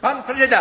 Pan Preda.